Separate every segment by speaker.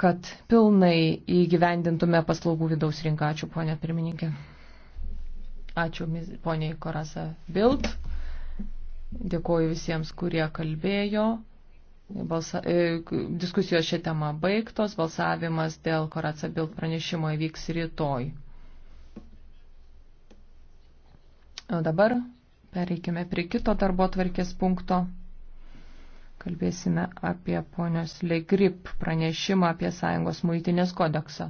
Speaker 1: kad pilnai įgyvendintume paslaugų vidaus rinką. Ačiū, ponė pirmininkė. Ačiū, poniai Korasa Bild. Dėkuoju visiems, kurie kalbėjo. Balsa, e, diskusijos šią temą baigtos. Balsavimas dėl Koraca Bild pranešimo įvyks rytoj. O dabar pereikime prie kito darbo tvarkės punkto. Kalbėsime apie ponios Legrip pranešimą apie Sąjungos muitinės kodeksą.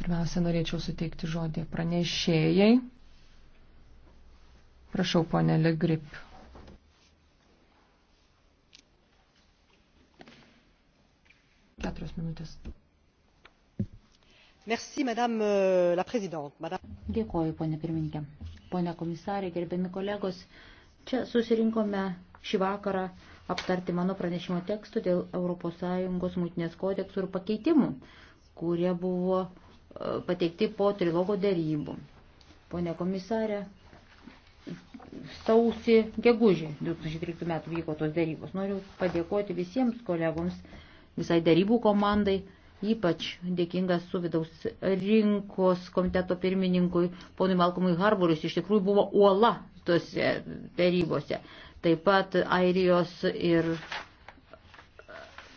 Speaker 1: Pirmiausia, norėčiau suteikti žodį pranešėjai. Prašau, ponė Legrip. Keturios minutės.
Speaker 2: Merci, madame euh, la présidente. Madame... Dėkoju, ponė pirmininkė ponia komisarė, gerbiami kolegos. Čia susirinkome šį vakarą aptarti mano pranešimo tekstų dėl ES mūtinės kodeksų ir pakeitimų, kurie buvo e, pateikti po trilogo dėrybų. Pone komisarė, sausį gegužį 2013 metų vyko tos dėrybos. Noriu padėkoti visiems kolegoms, visai dėrybų komandai. Ypač dėkingas su vidaus rinkos komiteto pirmininkui, ponui Malkomui Harborius, iš tikrųjų buvo uola tose tarybose. Taip pat Airijos ir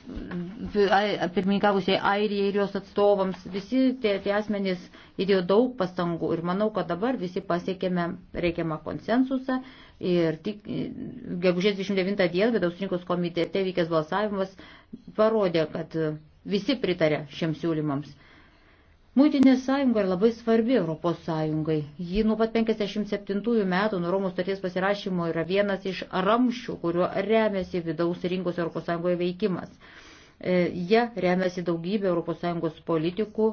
Speaker 2: pirmininkavusiai Airijai ir jos atstovams, visi tie, tie asmenys įdėjo daug pastangų ir manau, kad dabar visi pasiekėme reikiamą konsensusą ir tik gegužės 29 dieną vidaus rinkos komitete vykęs balsavimas parodė, kad Visi pritarė šiems siūlymams. Muitinė sąjunga yra labai svarbi Europos sąjungai. Ji nuo pat 57 metų nuo Romos staties pasirašymo yra vienas iš ramščių, kuriuo remiasi vidaus rinkos Europos sąjungoje veikimas. Jie remiasi daugybė Europos sąjungos politikų,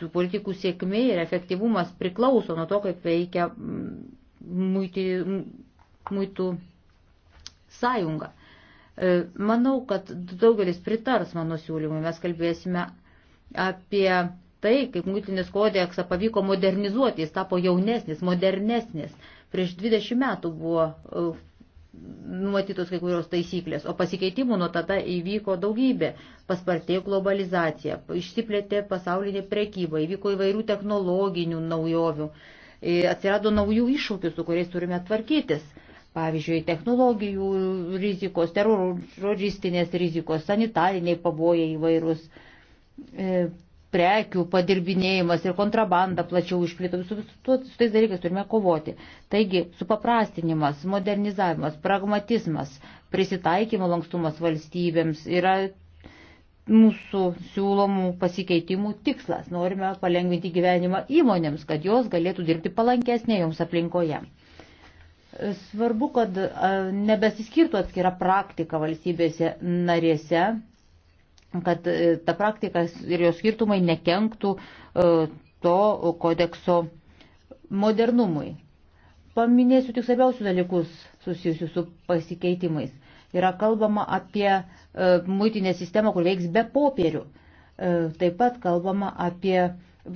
Speaker 2: tų politikų sėkmė ir efektyvumas priklauso nuo to, kaip veikia muitų, muitų sąjunga. E, manau, kad daugelis pritars mano siūlymui. Mes kalbėsime apie tai, kaip muitinis kodeksą pavyko modernizuoti, jis tapo jaunesnis, modernesnis. Prieš 20 metų buvo e, numatytos kai kurios taisyklės, o pasikeitimų nuo tada įvyko daugybė. Paspartėjo globalizacija, išsiplėtė pasaulinė prekyba, įvyko įvairių technologinių naujovių, e, atsirado naujų iššūkių, su kuriais turime tvarkytis pavyzdžiui, technologijų rizikos, teroristinės rizikos, sanitariniai pavojai įvairūs, e, prekių padirbinėjimas ir kontrabanda plačiau išplito, su, su, su tais dalykais turime kovoti. Taigi, supaprastinimas, modernizavimas, pragmatizmas, prisitaikymo lankstumas valstybėms yra mūsų siūlomų pasikeitimų tikslas. Norime palengvinti gyvenimą įmonėms, kad jos galėtų dirbti palankesnė joms aplinkoje. Svarbu, kad nebesiskirtų atskira praktika valstybėse narėse, kad e, ta praktika ir jos skirtumai nekenktų e, to kodekso modernumui. Paminėsiu tik svarbiausius dalykus susijusius su pasikeitimais. Yra kalbama apie e, muitinę sistemą, kur veiks be popierių. E, taip pat kalbama apie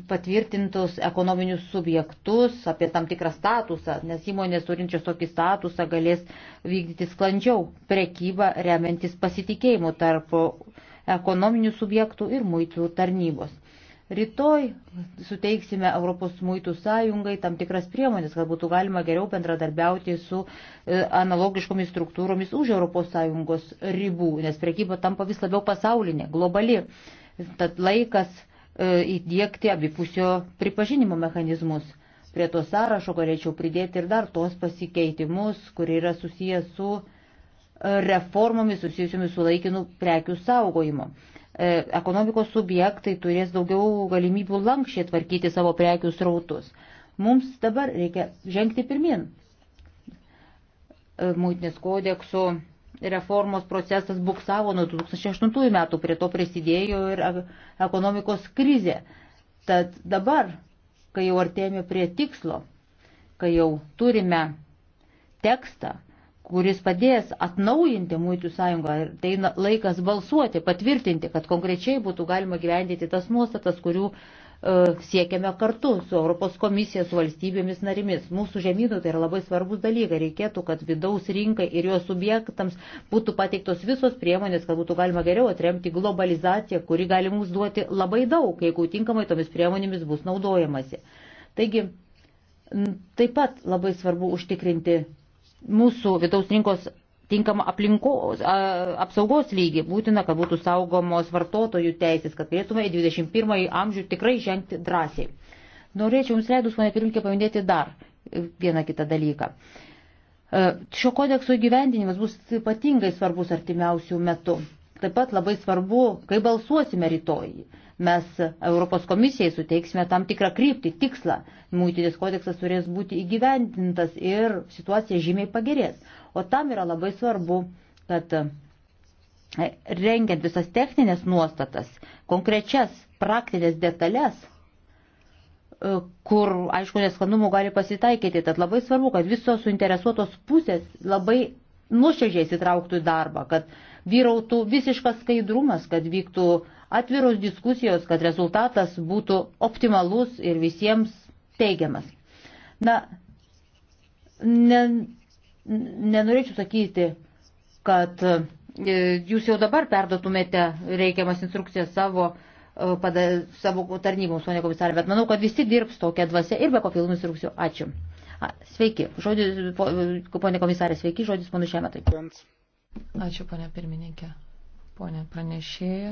Speaker 2: patvirtintus ekonominius subjektus, apie tam tikrą statusą, nes įmonės turinčios tokį statusą galės vykdyti sklandžiau prekybą remiantis pasitikėjimu tarp ekonominių subjektų ir muitų tarnybos. Rytoj suteiksime Europos muitų sąjungai tam tikras priemonės, kad būtų galima geriau bendradarbiauti su e, analogiškomis struktūromis už ES ribų, nes prekyba tampa vis labiau pasaulinė, globali. Tad laikas E, įdėkti abipusio pripažinimo mechanizmus. Prie to sąrašo galėčiau pridėti ir dar tos pasikeitimus, kurie yra susijęs su e, reformomis susijusiomis su laikinu prekių saugojimu. E, ekonomikos subjektai turės daugiau galimybių lankščiai tvarkyti savo prekių srautus. Mums dabar reikia žengti pirmin. Mūtinės kodekso reformos procesas buksavo nuo 2008 metų, prie to prisidėjo ir e, ekonomikos krizė. Tad dabar, kai jau artėjame prie tikslo, kai jau turime tekstą, kuris padės atnaujinti Mūtų sąjungą ir tai laikas balsuoti, patvirtinti, kad konkrečiai būtų galima gyvendyti tas nuostatas, kurių E, siekiame kartu su Europos komisija, su valstybėmis narimis. Mūsų žemynų tai yra labai svarbus dalykai. Reikėtų, kad vidaus rinkai ir jos subjektams būtų pateiktos visos priemonės, kad būtų galima geriau atremti globalizaciją, kuri gali mums duoti labai daug, jeigu tinkamai tomis priemonėmis bus naudojamasi. Taigi, taip pat labai svarbu užtikrinti mūsų vidaus rinkos tinkamą aplinkos apsaugos lygį. Būtina, kad būtų saugomos vartotojų teisės, kad galėtume į 21 amžių tikrai žengti drąsiai. Norėčiau Jums leidus, mane pirmkė, paminėti dar vieną kitą dalyką. E, šio kodekso įgyvendinimas bus ypatingai svarbus artimiausių metų. Taip pat labai svarbu, kai balsuosime rytoj. Mes Europos komisijai suteiksime tam tikrą kryptį, tikslą. Mūtinis kodeksas turės būti įgyvendintas ir situacija žymiai pagerės. O tam yra labai svarbu, kad e, rengiant visas techninės nuostatas, konkrečias praktinės detalės, e, kur, aišku, nesklandumų gali pasitaikyti. Tad labai svarbu, kad visos suinteresuotos pusės labai nuoširdžiai įsitrauktų į darbą, kad vyrautų visiškas skaidrumas, kad vyktų atviros diskusijos, kad rezultatas būtų optimalus ir visiems teigiamas. Na, ne, nenorėčiau sakyti, kad e, jūs jau dabar perdotumėte reikiamas instrukcijas savo, e, pada, savo tarnyboms, o ne komisarė, bet manau, kad visi dirbs tokia dvasia ir be papildomų instrukcijų. Ačiū. A, sveiki, žodis, ponė komisarė,
Speaker 1: sveiki, žodis mano šiemetui. Ačiū, ponė pirmininkė. Ponė pranešėja,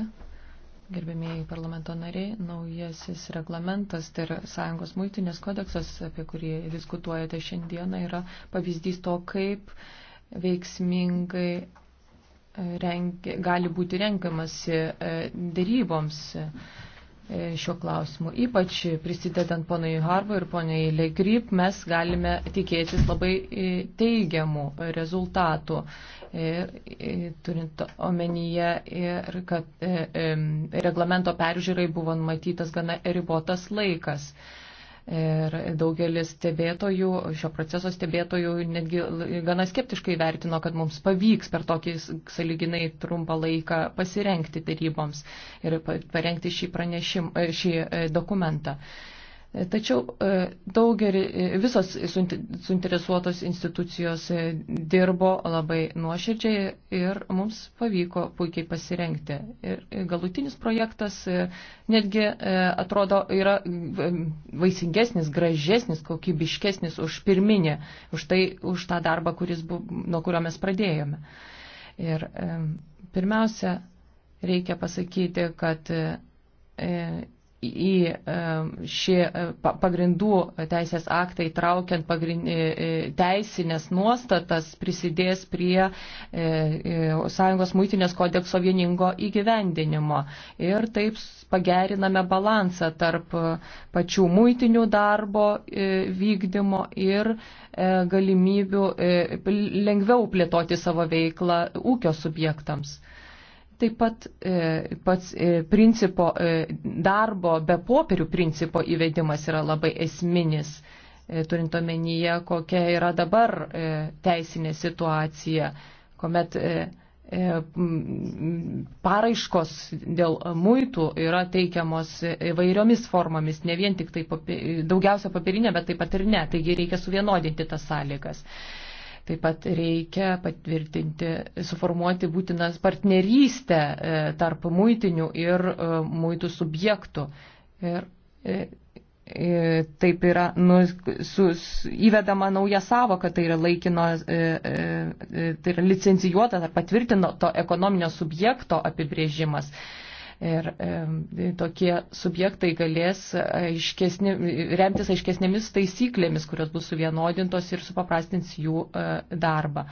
Speaker 1: gerbėmėjai parlamento nariai, naujasis reglamentas tai yra Sąjungos muitinės kodeksas, apie kurį diskutuojate šiandieną, yra pavyzdys to, kaip veiksmingai e, rengi, gali būti renkamasi dėryboms. E, E, šiuo klausimu. Ypač prisidedant ponai Harbo ir poniai Legryp, mes galime tikėtis labai e, teigiamų rezultatų, e, turint omenyje ir kad reglamento peržiūrai buvo numatytas gana ribotas laikas. Ir daugelis stebėtojų, šio proceso stebėtojų netgi gana skeptiškai vertino, kad mums pavyks per tokį saliginai trumpą laiką pasirenkti daryboms ir parengti šį, pranešim, šį e, dokumentą. Tačiau e, daugelį, e, visos suinteresuotos institucijos e, dirbo labai nuoširdžiai ir mums pavyko puikiai pasirengti. Ir galutinis projektas netgi atrodo yra vaisingesnis, gražesnis, kokybiškesnis už pirminį, už, tai, už tą darbą, kuris buvo, nuo kurio mes pradėjome. Ir pirmiausia, reikia pasakyti, kad į e, šį e, pagrindų teisės aktą įtraukiant e, teisinės nuostatas prisidės prie Sąjungos muitinės kodekso vieningo įgyvendinimo. Ir taip pageriname balansą tarp pačių muitinių darbo vykdymo ir galimybių lengviau plėtoti savo veiklą ūkio subjektams. Taip pat e, pats e, principo, e, darbo be popierių principo įvedimas yra labai esminis, e, turint omenyje, kokia yra dabar e, teisinė situacija, kuomet e, e, paraiškos dėl muitų yra teikiamos įvairiomis formomis, ne vien tik tai papi, daugiausia papirinė, bet taip pat ir ne, taigi reikia suvienodinti tas sąlygas. E, Taip pat reikia patvirtinti, suformuoti būtinas partnerystę e, tarp muitinių ir e, muitų subjektų. Ir e, taip yra nu, sus, įvedama nauja savoka, tai yra laikino, tai yra licencijuotas ar patvirtino to ekonominio subjekto apibrėžimas. Ir e, tokie subjektai galės aiškesni, remtis aiškesnėmis taisyklėmis, kurios bus suvienodintos ir supaprastins jų e, darbą.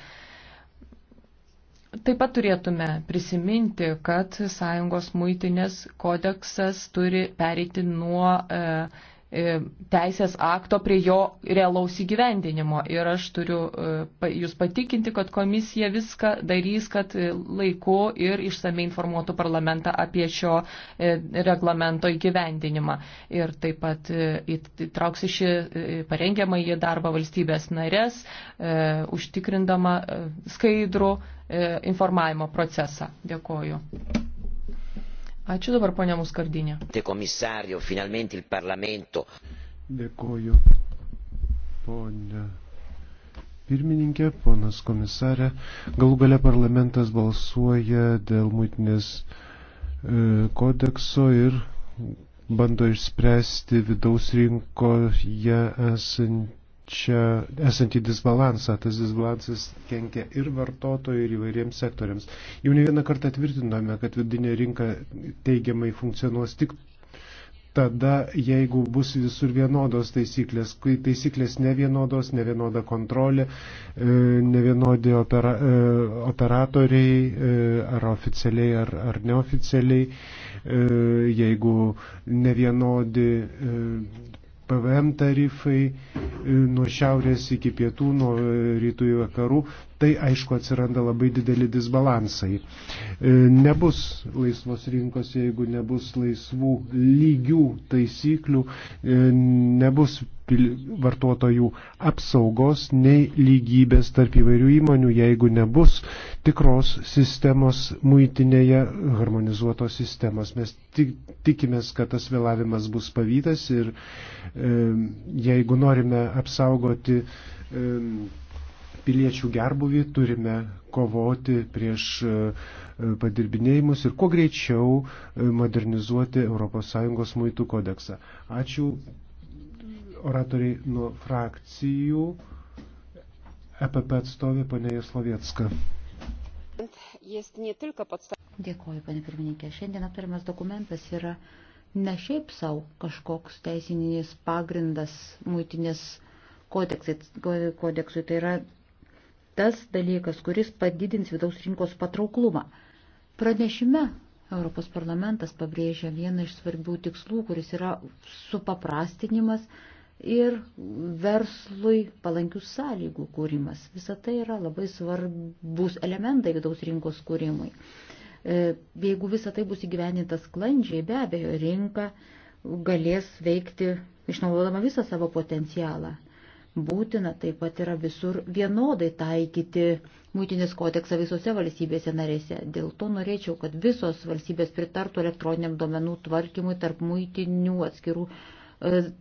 Speaker 1: Taip pat turėtume prisiminti, kad Sąjungos muitinės kodeksas turi pereiti nuo e, E, teisės akto prie jo realaus įgyvendinimo. Ir aš turiu e, jūs patikinti, kad komisija viską darys, kad e, laiku ir išsamei informuotų parlamentą apie šio reglamento įgyvendinimą. Ir taip pat įtrauks iš parengiamą į darbą valstybės narės, užtikrindama skaidrų informavimo procesą. Dėkoju. Ačiū dabar ponia Muskardinė.
Speaker 3: Dėkoju. Ponia pirmininkė, ponas komisarė, galų gale parlamentas balsuoja dėl muitinės e, kodekso ir bando išspręsti vidaus rinkoje esantį čia esantį disbalansą. Tas disbalansas kenkia ir vartotojai, ir įvairiems sektoriams. Jau ne vieną kartą tvirtinome, kad vidinė rinka teigiamai funkcionuos tik tada, jeigu bus visur vienodos taisyklės, kai taisyklės nevienodos, nevienoda kontrolė, e, nevienodi opera, e, operatoriai e, ar oficialiai ar, ar neoficialiai, jeigu nevienodi PVM tarifai e, nuo šiaurės iki pietų, nuo rytų į vakarų, tai aišku atsiranda labai dideli disbalansai. E, nebus laisvos rinkos, jeigu nebus laisvų lygių taisyklių, e, nebus vartotojų apsaugos nei lygybės tarp įvairių įmonių, jeigu nebus tikros sistemos muitinėje, harmonizuotos sistemos. Mes tik, tikimės, kad tas vėlavimas bus pavydas ir e, jeigu norime apsaugoti e, piliečių gerbuvį, turime kovoti prieš e, padirbinėjimus ir kuo greičiau e, modernizuoti ES muitų kodeksą. Ačiū oratoriai nuo frakcijų. EPP atstovė ponė Jaslovietska.
Speaker 2: Dėkoju, panė pirmininkė. Šiandien aptariamas dokumentas yra ne šiaip savo kažkoks teisininis pagrindas muitinės kodeksui. kodeksui. Tai yra tas dalykas, kuris padidins vidaus rinkos patrauklumą. Pranešime Europos parlamentas pabrėžia vieną iš svarbių tikslų, kuris yra supaprastinimas ir verslui palankių sąlygų kūrimas. Visą tai yra labai svarbus elementai vidaus rinkos kūrimui. E, jeigu visą tai bus įgyveninta sklandžiai, be abejo, rinka galės veikti išnaudodama visą savo potencialą. Būtina taip pat yra visur vienodai taikyti mūtinis kodeksą visose valstybėse narėse. Dėl to norėčiau, kad visos valstybės pritartų elektroniniam duomenų tvarkymui tarp mūtinių atskirų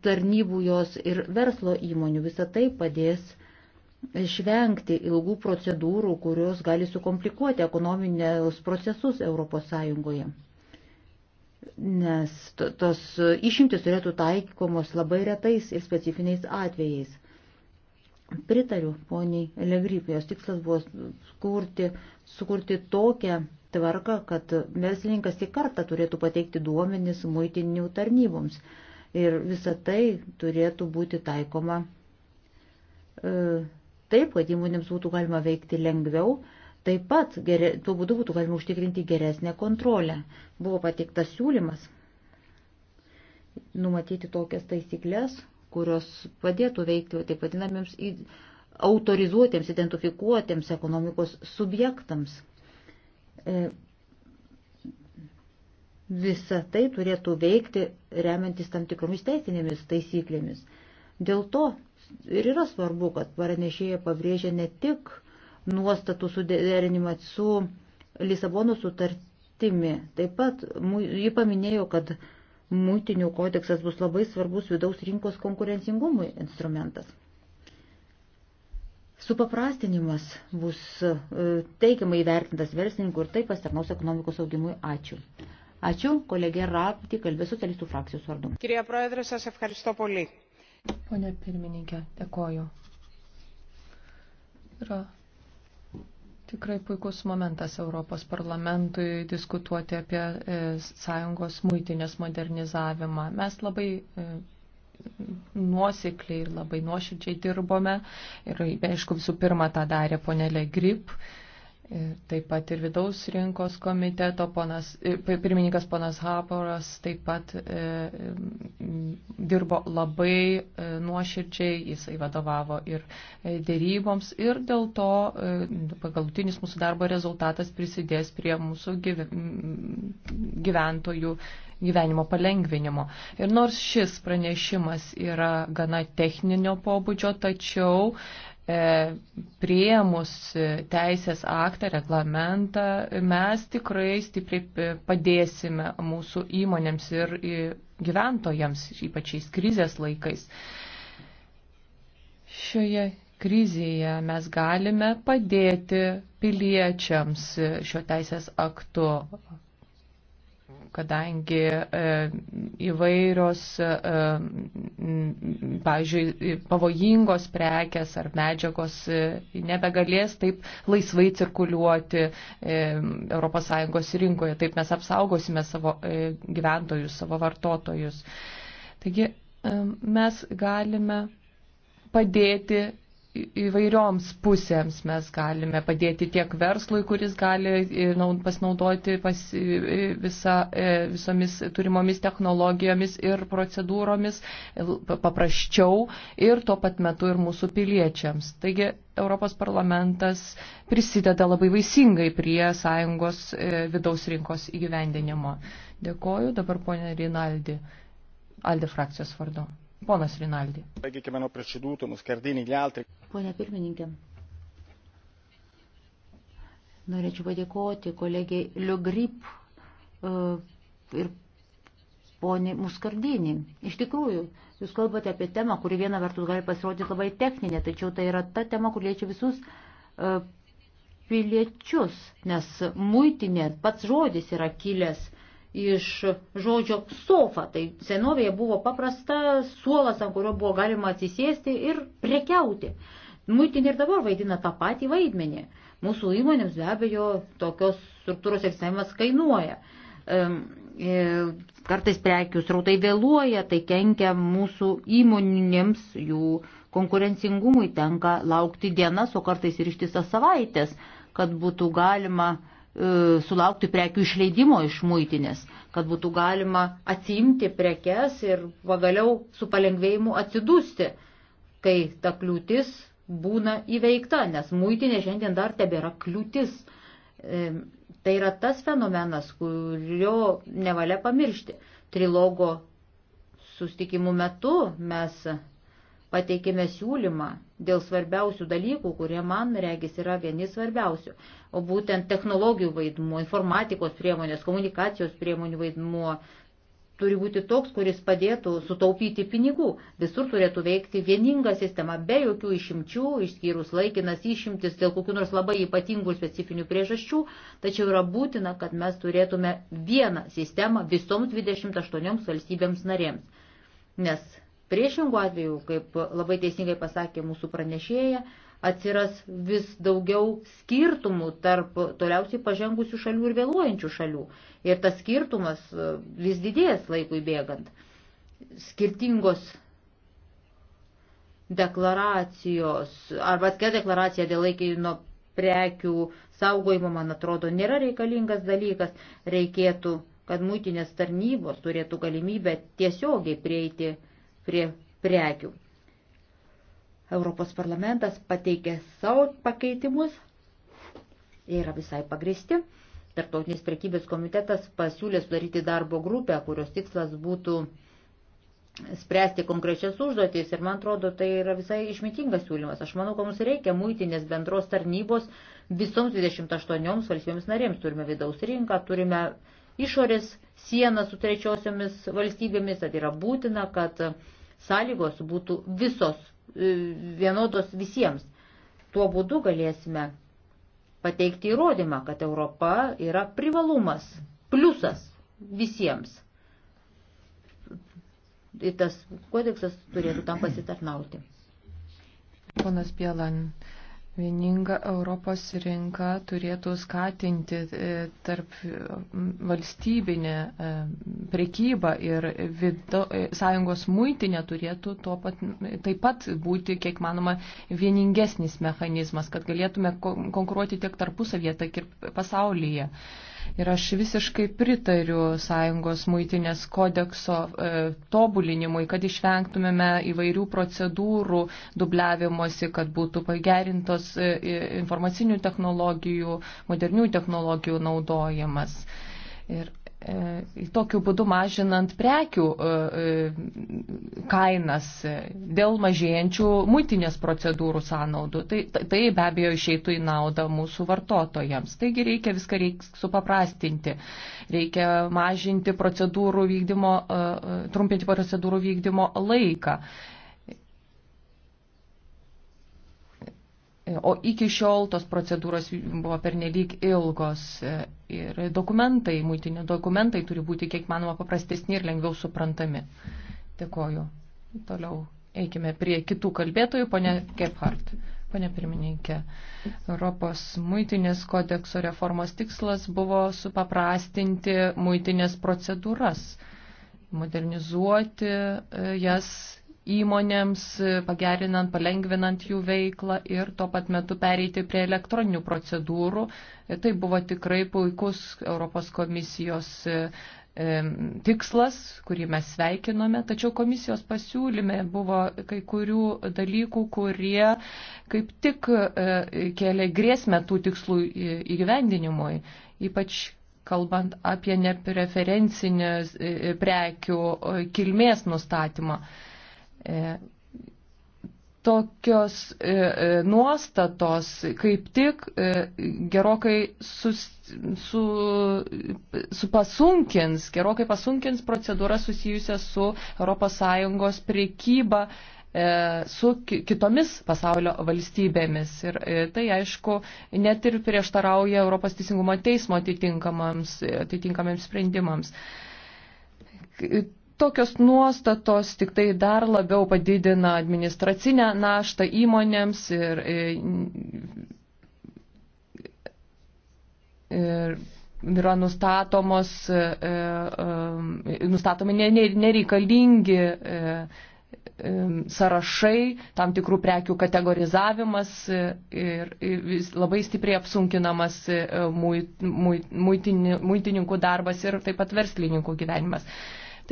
Speaker 2: tarnybų jos ir verslo įmonių. Visą tai padės išvengti ilgų procedūrų, kurios gali sukomplikuoti ekonominės procesus ES. Nes tos išimtis turėtų taikomos labai retais ir specifiniais atvejais. Pritariu poniai Legrip, jos tikslas buvo skurti, sukurti tokią tvarką, kad verslininkas tik kartą turėtų pateikti duomenis muitinių tarnyboms. Ir visa tai turėtų būti taikoma e, taip, kad įmonėms būtų galima veikti lengviau, taip pat gerė, tuo būdu būtų galima užtikrinti geresnę kontrolę. Buvo pateiktas siūlymas numatyti tokias taisyklės, kurios padėtų veikti taip vadinamiems autorizuotiems, identifikuotiems ekonomikos subjektams. E, visa tai turėtų veikti remiantis tam tikromis teisinėmis taisyklėmis. Dėl to ir yra svarbu, kad paranešėja pabrėžia ne tik nuostatų suderinimą su Lisabono sutartimi, taip pat ji paminėjo, kad muitinių kodeksas bus labai svarbus vidaus rinkos konkurencingumui instrumentas. Supaprastinimas bus e, teigiamai įvertintas verslininkų ir taip pasitarnaus ekonomikos augimui. Ačiū. Ačiū, kolegė Rapti, kalbės socialistų frakcijos vardu. Kirija Proedrė, aš efkaristo poli.
Speaker 1: Pone pirmininkė, dėkoju. Yra tikrai puikus momentas Europos parlamentui diskutuoti apie e, sąjungos muitinės modernizavimą. Mes labai e, nuosekliai ir labai nuoširdžiai dirbome ir, aišku, visų pirma tą darė ponelė Grip. Ir taip pat ir vidaus rinkos komiteto ponas, e, pirmininkas ponas Haporas taip pat e, dirbo labai e, nuoširdžiai, jisai vadovavo ir e, dėryboms ir dėl to e, galutinis mūsų darbo rezultatas prisidės prie mūsų gyve, gyventojų gyvenimo palengvinimo. Ir nors šis pranešimas yra gana techninio pobūdžio, tačiau e, E, prieimus teisės aktą, reglamentą, mes tikrai stipriai padėsime mūsų įmonėms ir gyventojams, ypač šiais krizės laikais. Šioje krizėje mes galime padėti piliečiams šio teisės aktu kadangi e, įvairios, e, pavyzdžiui, pavojingos prekes ar medžiagos e, nebegalės taip laisvai cirkuliuoti ES rinkoje, taip mes apsaugosime savo gyventojus, savo vartotojus. Taigi mes galime padėti įvairioms pusėms mes galime padėti tiek verslui, kuris gali e, pasinaudoti pas, e, e, visa, visomis turimomis technologijomis ir procedūromis paprasčiau ir tuo pat metu ir mūsų piliečiams. Taigi Europos parlamentas prisideda labai vaisingai prie sąjungos vidaus rinkos įgyvendinimo. Dėkoju dabar ponė Rinaldi, Aldi frakcijos vardu. Ponas Rinaldi. Pone pirmininkė.
Speaker 2: Norėčiau padėkoti kolegiai Liugrip e, ir ponė Muskardinį. Iš tikrųjų, jūs kalbate apie temą, kuri viena vertus gali pasirodyti labai techninė, tačiau tai yra ta tema, kur liečia visus e, piliečius, nes muitinė pats žodis yra kilęs iš žodžio sofa. Tai senovėje buvo paprasta suolas, ant kurio buvo galima atsisėsti ir prekiauti. Muitinė ir dabar vaidina tą patį vaidmenį. Mūsų įmonėms be abejo tokios struktūros egzaminas kainuoja. E, kartais prekių srautai vėluoja, tai kenkia mūsų įmonėms, jų konkurencingumui tenka laukti dienas, o kartais ir ištisas savaitės, kad būtų galima uh, E, sulaukti prekių išleidimo iš muitinės, kad būtų galima atsiimti prekes ir pagaliau su palengvėjimu atsidūsti, kai ta kliūtis būna įveikta, nes muitinė šiandien dar tebėra kliūtis. E, tai yra tas fenomenas, kurio nevalia pamiršti. Trilogo sustikimų metu mes pateikėme siūlymą dėl svarbiausių dalykų, kurie man regis yra vieni svarbiausių. O būtent technologijų vaidmuo, informatikos priemonės, komunikacijos priemonių vaidmuo turi būti toks, kuris padėtų sutaupyti pinigų. Visur turėtų veikti vieninga sistema, be jokių išimčių, išskyrus laikinas išimtis dėl kokių nors labai ypatingų ir specifinių priežasčių, tačiau yra būtina, kad mes turėtume vieną sistemą visoms 28 valstybėms narėms. Nes Priešingų atveju, kaip labai teisingai pasakė mūsų pranešėja, atsiras vis daugiau skirtumų tarp toliausiai pažengusių šalių ir vėluojančių šalių. Ir tas skirtumas e, vis didės laikui bėgant. Skirtingos deklaracijos arba atskira deklaracija dėl laikino prekių saugojimo, man atrodo, nėra reikalingas dalykas. Reikėtų, kad mūtinės tarnybos turėtų galimybę tiesiogiai prieiti prie prekių. Europos parlamentas pateikė savo pakeitimus, jie yra visai pagristi. Tartautinės prekybės komitetas pasiūlė sudaryti darbo grupę, kurios tikslas būtų spręsti konkrečias užduotis ir man atrodo, tai yra visai išmitingas siūlymas. Aš manau, kad mums reikia muitinės bendros tarnybos visoms 28 valstybėms narėms. Turime vidaus rinką, turime išorės sieną su trečiosiomis valstybėmis, tad yra būtina, kad sąlygos būtų visos e, vienodos visiems. Tuo būdu galėsime pateikti įrodymą, kad Europa yra privalumas, pliusas visiems. Ir tai tas kodeksas turėtų tam
Speaker 1: pasitarnauti. Ponas Bielan, Vieninga Europos rinka turėtų skatinti e, tarp e, valstybinę e, prekybą ir vido, sąjungos muitinė turėtų pat, taip pat būti, kiek manoma, vieningesnis mechanizmas, kad galėtume konkuruoti tiek tarpusavyje, tiek ir pasaulyje. Ir aš visiškai pritariu Sąjungos muitinės kodekso e, tobulinimui, kad išvengtumėme įvairių procedūrų dubliavimuose, kad būtų pagerintos e, informacinių technologijų, modernių technologijų naudojimas. Ir E, tokiu būdu mažinant prekių e, e, kainas dėl mažėjančių muitinės procedūrų sąnaudų. Tai, tai be abejo išeitų į naudą mūsų vartotojams. Taigi reikia viską reikia supaprastinti. Reikia mažinti procedūrų vykdymo, trumpinti procedūrų vykdymo laiką. O iki šiol tos procedūros buvo pernelyg ilgos ir dokumentai, muitinio dokumentai turi būti kiek manoma paprastesni ir lengviau suprantami. Dėkoju. Toliau eikime prie kitų kalbėtojų, ponė Gephardt. Pane pirmininkė, Europos muitinės kodekso reformos tikslas buvo supaprastinti muitinės procedūras, modernizuoti e, jas įmonėms, pagerinant, palengvinant jų veiklą ir tuo pat metu pereiti prie elektroninių procedūrų. Tai buvo tikrai puikus Europos komisijos e, tikslas, kurį mes sveikinome, tačiau komisijos pasiūlyme buvo kai kurių dalykų, kurie kaip tik e, kėlė grėsmę tų tikslų įgyvendinimui, ypač kalbant apie nepreferencinės e, prekių kilmės nustatymą. E, tokios e, e, nuostatos kaip tik gerokai sus, su, su pasunkins, gerokai pasunkins procedūrą susijusią su ES priekyba su kitomis pasaulio valstybėmis. Ir tai, aišku, net ir prieštarauja Europos teisingumo teismo atitinkamams, atitinkamiems sprendimams. Tokios nuostatos tik tai dar labiau padidina administracinę naštą įmonėms ir, e, ir yra nustatomos, e, e, nustatomi nereikalingi sąrašai, tam tikrų prekių kategorizavimas ir labai stipriai apsunkinamas muitininkų darbas ir taip pat verslininkų gyvenimas.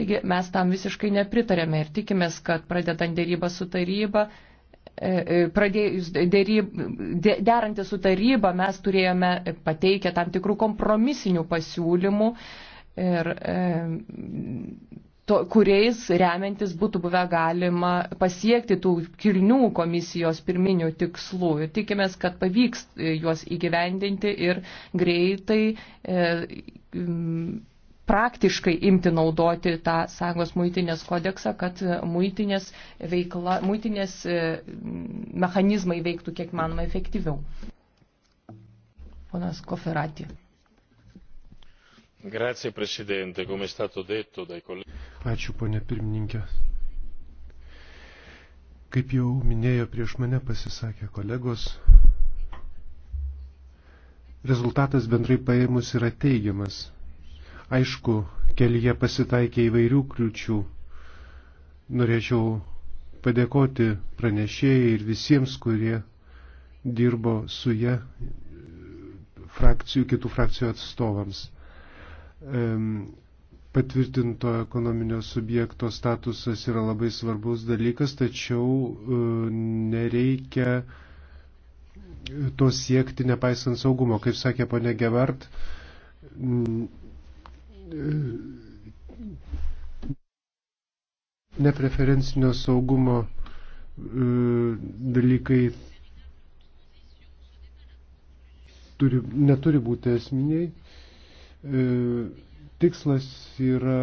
Speaker 1: Taigi mes tam visiškai nepritarėme ir tikimės, kad pradedant dėrybą su taryba, e, e, pradėjus dėryb, dė, derantį su taryba, mes turėjome pateikę tam tikrų kompromisinių pasiūlymų ir e, to, kuriais remiantis būtų buvę galima pasiekti tų kilnių komisijos pirminių tikslų. Ir tikimės, kad pavyks juos įgyvendinti ir greitai. E, praktiškai imti naudoti tą Sąjungos muitinės kodeksą, kad muitinės, veikla, muitinės e, mechanizmai veiktų kiek manoma efektyviau. Ponas
Speaker 3: Koferati.
Speaker 1: Grazie Presidente, come è stato detto dai colleghi.
Speaker 3: Ačiū, ponė pirmininkė. Kaip jau minėjo prieš mane pasisakė kolegos, rezultatas bendrai paėmus yra teigiamas. Aišku, kelyje pasitaikė įvairių kliučių. Norėčiau padėkoti pranešėjai ir visiems, kurie dirbo su jie frakcijų, kitų frakcijų atstovams. Patvirtinto ekonominio subjekto statusas yra labai svarbus dalykas, tačiau e, nereikia to siekti nepaisant saugumo. Kaip sakė ponė Gevart, nepreferencinio saugumo e, dalykai turi, neturi būti esminiai. E, tikslas yra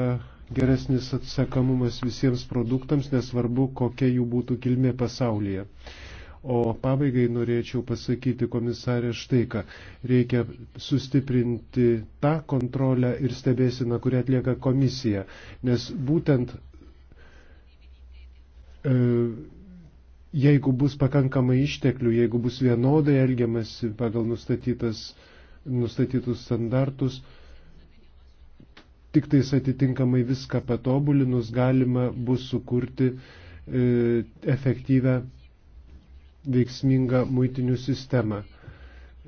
Speaker 3: geresnis atsekamumas visiems produktams, nesvarbu, kokia jų būtų kilmė pasaulyje. O pabaigai norėčiau pasakyti komisarė štai ką. Reikia sustiprinti tą kontrolę ir stebėsiną, kurią atlieka komisija. Nes būtent e, jeigu bus pakankamai išteklių, jeigu bus vienodai elgiamasi pagal nustatytus standartus, tik tais atitinkamai viską patobulinus galima bus sukurti e, efektyvę veiksmingą muitinių sistemą.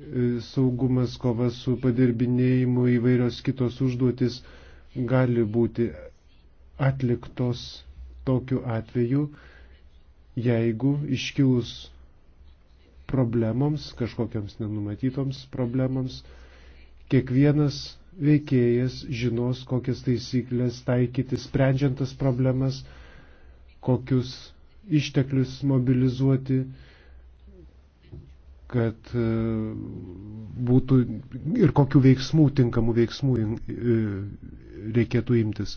Speaker 3: E, saugumas, kova su padirbinėjimu, įvairios kitos užduotis gali būti atliktos tokiu atveju, jeigu iškilus problemoms, kažkokiams nenumatytoms problemoms, kiekvienas veikėjas žinos, kokias taisyklės taikyti, sprendžiant tas problemas, kokius išteklius mobilizuoti, kad e, būtų ir kokių veiksmų, tinkamų veiksmų e, reikėtų imtis.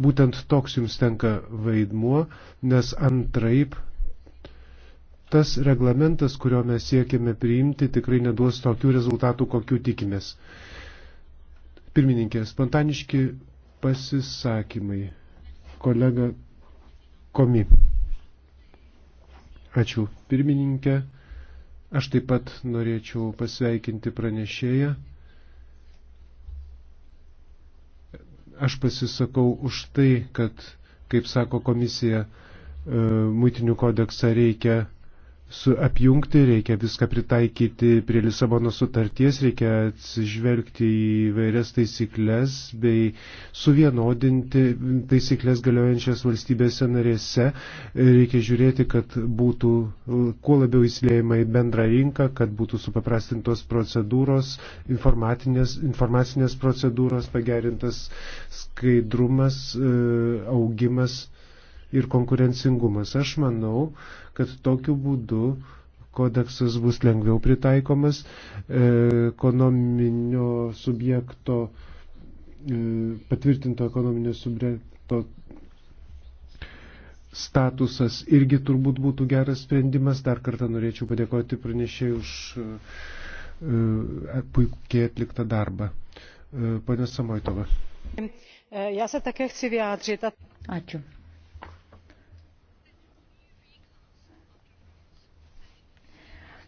Speaker 3: Būtent toks jums tenka vaidmuo, nes antraip tas reglamentas, kurio mes siekiame priimti, tikrai neduos tokių rezultatų, kokių tikimės. Pirmininkė, spontaniški pasisakymai. Kolega Komi. Ačiū. Pirmininkė. Aš taip pat norėčiau pasveikinti pranešėją. Aš pasisakau už tai, kad, kaip sako komisija, e, muitinių kodeksą reikia apjungti, reikia viską pritaikyti prie Lisabono sutarties, reikia atsižvelgti į vairias taisyklės bei suvienodinti taisyklės galiojančias valstybėse narėse. Reikia žiūrėti, kad būtų kuo labiau įsilėjama į bendrą rinką, kad būtų supaprastintos procedūros, informacinės, informacinės procedūros, pagerintas skaidrumas, e, augimas ir konkurencingumas. Aš manau, kad tokiu būdu kodeksas bus lengviau pritaikomas e, ekonominio subjekto, e, patvirtinto ekonominio subjekto statusas irgi turbūt būtų geras sprendimas. Dar kartą norėčiau padėkoti pranešėjai už e, puikiai atliktą darbą. Pane Samoitova. Ačiū.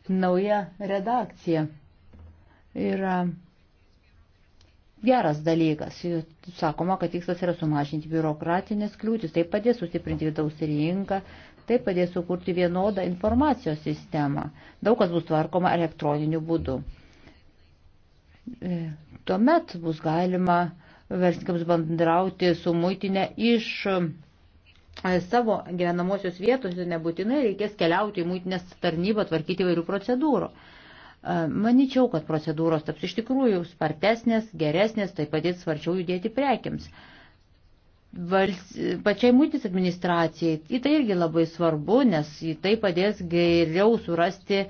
Speaker 2: Nauja redakcija yra geras dalykas. Sakoma, kad tikslas yra sumažinti biurokratinės kliūtis, tai padės sustiprinti vidaus rinką, tai padės sukurti vienodą informacijos sistemą. Daug kas bus tvarkoma elektroniniu būdu. E, tuomet bus galima verslininkams bandrauti su muitinė iš savo gyvenamosios vietos nebūtinai reikės keliauti į mūtinės tarnybą, tvarkyti įvairių procedūrų. Maničiau, kad procedūros taps iš tikrųjų spartesnės, geresnės, taip pat ir svarčiau judėti prekiams. Vals, pačiai mūtis administracijai į tai irgi labai svarbu, nes į tai padės geriau surasti e,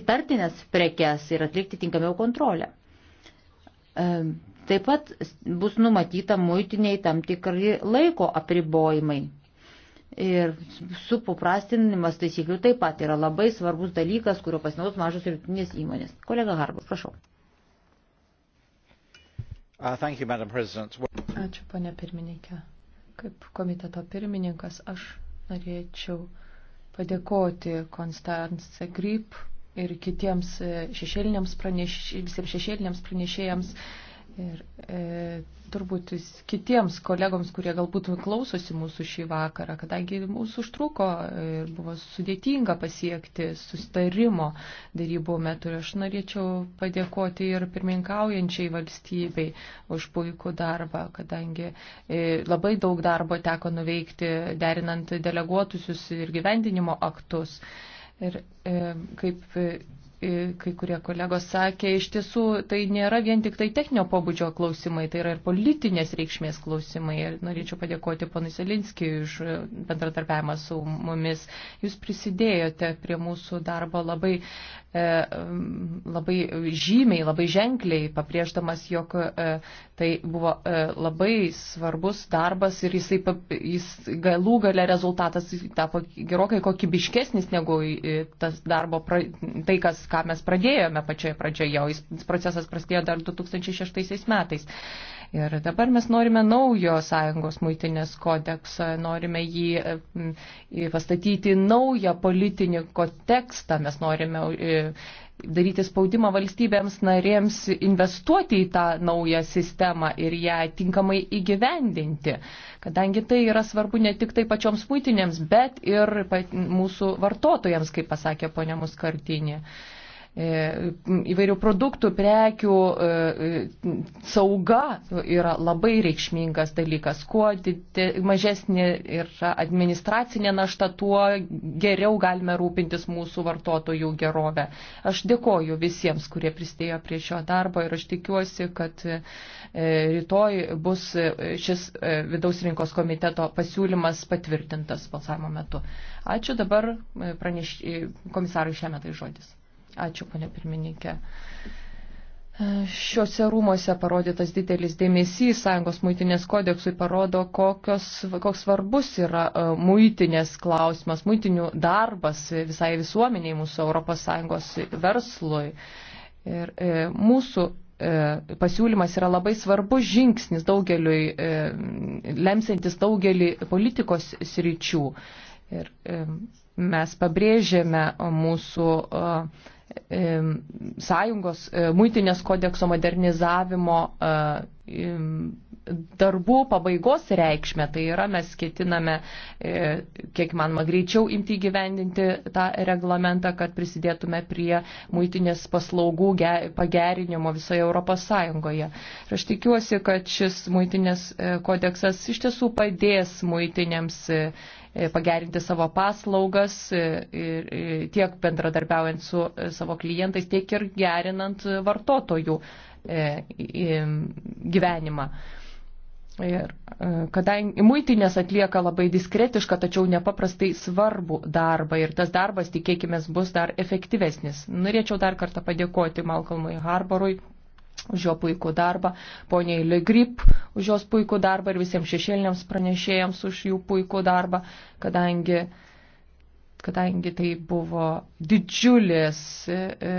Speaker 2: įtartinės prekes ir atlikti tinkamiau kontrolę. E, Taip pat bus numatyta muitiniai tam tikri laiko apribojimai. Ir supaprastinimas taisyklių taip pat yra labai svarbus dalykas, kurio pasinaudos mažos ir vidutinės įmonės. Kolega Harbus, prašau.
Speaker 1: Uh, you, Ačiū, ponė pirmininkė. Kaip komiteto pirmininkas aš norėčiau padėkoti Konstance Grip ir kitiems e, šešėliniams praneš, visiems šešėliniams pranešėjams. Uh, Ir e, turbūt kitiems kolegoms, kurie galbūt klausosi mūsų šį vakarą, kadangi mūsų užtruko ir buvo sudėtinga pasiekti sustarimo darybų metu. Ir aš norėčiau padėkoti ir pirmininkaujančiai valstybei už puikų darbą, kadangi e, labai daug darbo teko nuveikti derinant deleguotusius ir gyvendinimo aktus. Ir e, kaip. E, kai kurie kolegos sakė, iš tiesų tai nėra vien tik tai techninio pobūdžio klausimai, tai yra ir politinės reikšmės klausimai. Ir norėčiau padėkoti ponui Selinskijui už e, bendratarpiavimą su mumis. Jūs prisidėjote prie mūsų darbo labai, e, labai žymiai, labai ženkliai, pabrėždamas, jog e, Tai buvo e, labai svarbus darbas ir jisai, jis galų gale rezultatas tapo gerokai kokybiškesnis negu e, tas darbo, pra, tai, kas, ką mes pradėjome pačioje pradžioje, o jis procesas prasidėjo dar 2006 metais. Ir dabar mes norime naujo sąjungos muitinės kodeksą, norime jį e, pastatyti naują politinį kontekstą, mes norime daryti spaudimą valstybėms narėms investuoti į tą naują sistemą ir ją tinkamai įgyvendinti, kadangi tai yra svarbu ne tik tai pačioms muitinėms, bet ir mūsų vartotojams, kaip pasakė ponia Muskartinė. Uh, E, įvairių produktų, prekių e, sauga yra labai reikšmingas dalykas. Kuo mažesnė yra administracinė našta, tuo geriau galime rūpintis mūsų vartotojų gerovę. Aš dėkoju visiems, kurie pristėjo prie šio darbo ir aš tikiuosi, kad e, rytoj bus šis vidaus rinkos komiteto pasiūlymas patvirtintas balsavimo metu. Ačiū dabar praneš, komisarui šiame tai žodis. Ačiū, ponė pirmininkė. E, šiuose rūmose parodytas didelis dėmesys Sąjungos muitinės kodeksui parodo, kokios, koks svarbus yra e, muitinės klausimas, muitinių darbas visai visuomeniai mūsų ES verslui. Ir e, mūsų e, pasiūlymas yra labai svarbus žingsnis daugeliui, e, lemsiantis daugelį politikos sričių. Ir e, mes pabrėžėme mūsų. E, sąjungos e, muitinės kodekso modernizavimo e, darbų pabaigos reikšmę. Tai yra, mes ketiname, e, kiek manoma, greičiau imti įgyvendinti tą reglamentą, kad prisidėtume prie muitinės paslaugų pagerinimo visoje Europos Sąjungoje. Ir aš tikiuosi, kad šis muitinės kodeksas iš tiesų padės muitinėms E, pagerinti savo paslaugas e, e, tiek bendradarbiaujant su savo klientais, tiek ir gerinant vartotojų gyvenimą. Ir kadangi muitinės atlieka labai diskretišką, tačiau nepaprastai svarbų darbą ir tas darbas, tikėkime, bus dar efektyvesnis. Norėčiau dar kartą padėkoti Malcolmui Harborui už jo puikų darbą, poniai Legrip už jos puikų darbą ir visiems šešėliniams pranešėjams už jų puikų darbą, kadangi, kadangi tai buvo didžiulis e, e,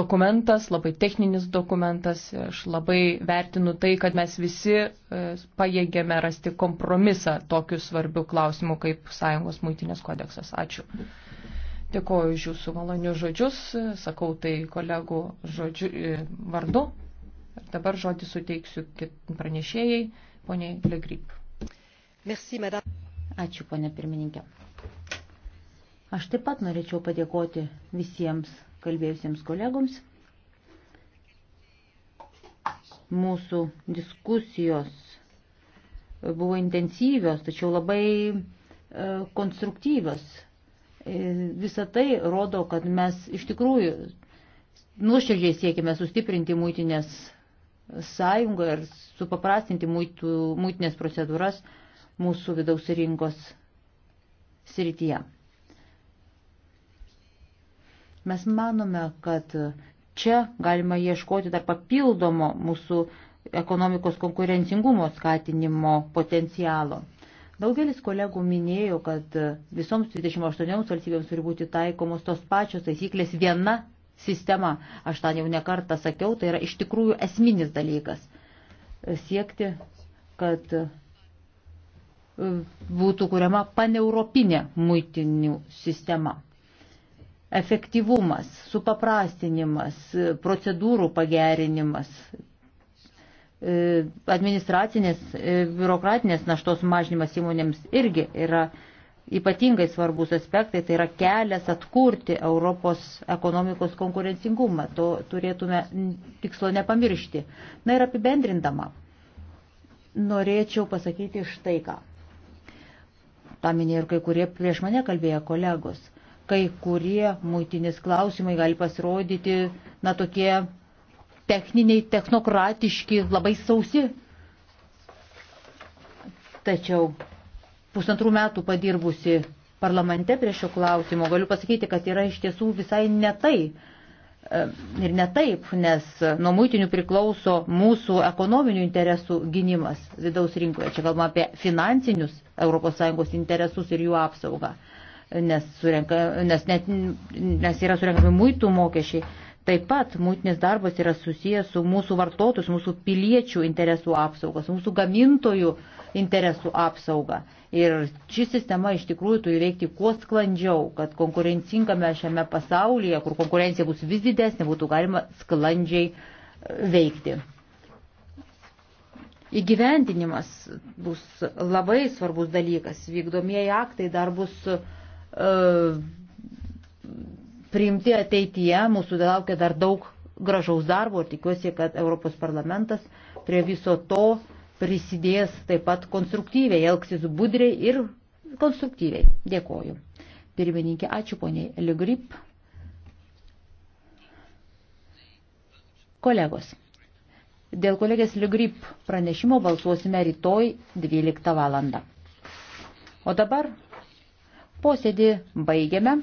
Speaker 1: dokumentas, labai techninis dokumentas. Aš labai vertinu tai, kad mes visi e, pajėgėme rasti kompromisą tokiu svarbiu klausimu kaip Sąjungos muitinės kodeksas. Ačiū. Dėkoju už jūsų malonius žodžius, sakau tai kolegų žodžiu, vardu. Dabar žodį suteiksiu pranešėjai, poniai Legrip. Merci, madame. Ačiū, ponė pirmininkė.
Speaker 2: Aš taip pat norėčiau padėkoti visiems kalbėjusiems kolegoms. Mūsų diskusijos buvo intensyvios, tačiau labai e, konstruktyvios. E, Visą tai rodo, kad mes iš tikrųjų nuoširdžiai siekime sustiprinti mūtinės sąjungoje ir supaprastinti muitų, muitinės procedūras mūsų vidaus rinkos srityje. Mes manome, kad čia galima ieškoti dar papildomo mūsų ekonomikos konkurencingumo skatinimo potencialo. Daugelis kolegų minėjo, kad visoms 28 valstybėms turi būti taikomos tos pačios taisyklės viena sistema. Aš tą jau nekartą sakiau, tai yra iš tikrųjų esminis dalykas siekti, kad e, būtų kuriama paneuropinė muitinių sistema. Efektyvumas, supaprastinimas, procedūrų pagerinimas, e, administracinės, e, biurokratinės naštos mažinimas įmonėms irgi yra ypatingai svarbus aspektai, tai yra kelias atkurti Europos ekonomikos konkurencingumą. To turėtume tikslo nepamiršti. Na ir apibendrindama, norėčiau pasakyti štai ką. Ta minėjo ir kai kurie prieš mane kalbėjo kolegos. Kai kurie muitinės klausimai gali pasirodyti, na, tokie techniniai, technokratiški, labai sausi. Tačiau pusantrų metų padirbusi parlamente prie šio klausimo, galiu pasakyti, kad yra iš tiesų visai ne tai. E, ir ne taip, nes nuo muitinių priklauso mūsų ekonominių interesų gynimas vidaus rinkoje. Čia kalbame apie finansinius ES interesus ir jų apsaugą, nes, surenka, nes, net, nes yra surenkami muitų mokesčiai. Taip pat muitinės darbas yra susijęs su mūsų vartotojus, mūsų piliečių interesų apsaugas, mūsų gamintojų uh, interesų apsaugą. Ir ši sistema iš tikrųjų turi veikti kuo sklandžiau, kad konkurencingame šiame pasaulyje, kur konkurencija bus vis didesnė, būtų galima sklandžiai e, veikti. Įgyvendinimas bus labai svarbus dalykas, vykdomieji aktai dar bus e, priimti ateityje, mūsų laukia dar daug gražaus darbo ir tikiuosi, kad Europos parlamentas prie viso to prisidės taip pat konstruktyviai, elgsis budriai ir konstruktyviai. Dėkoju. Pirmininkė, ačiū poniai Ligrip. Kolegos, dėl kolegės Ligrip pranešimo balsuosime rytoj 12 valandą. O dabar posėdį baigiame.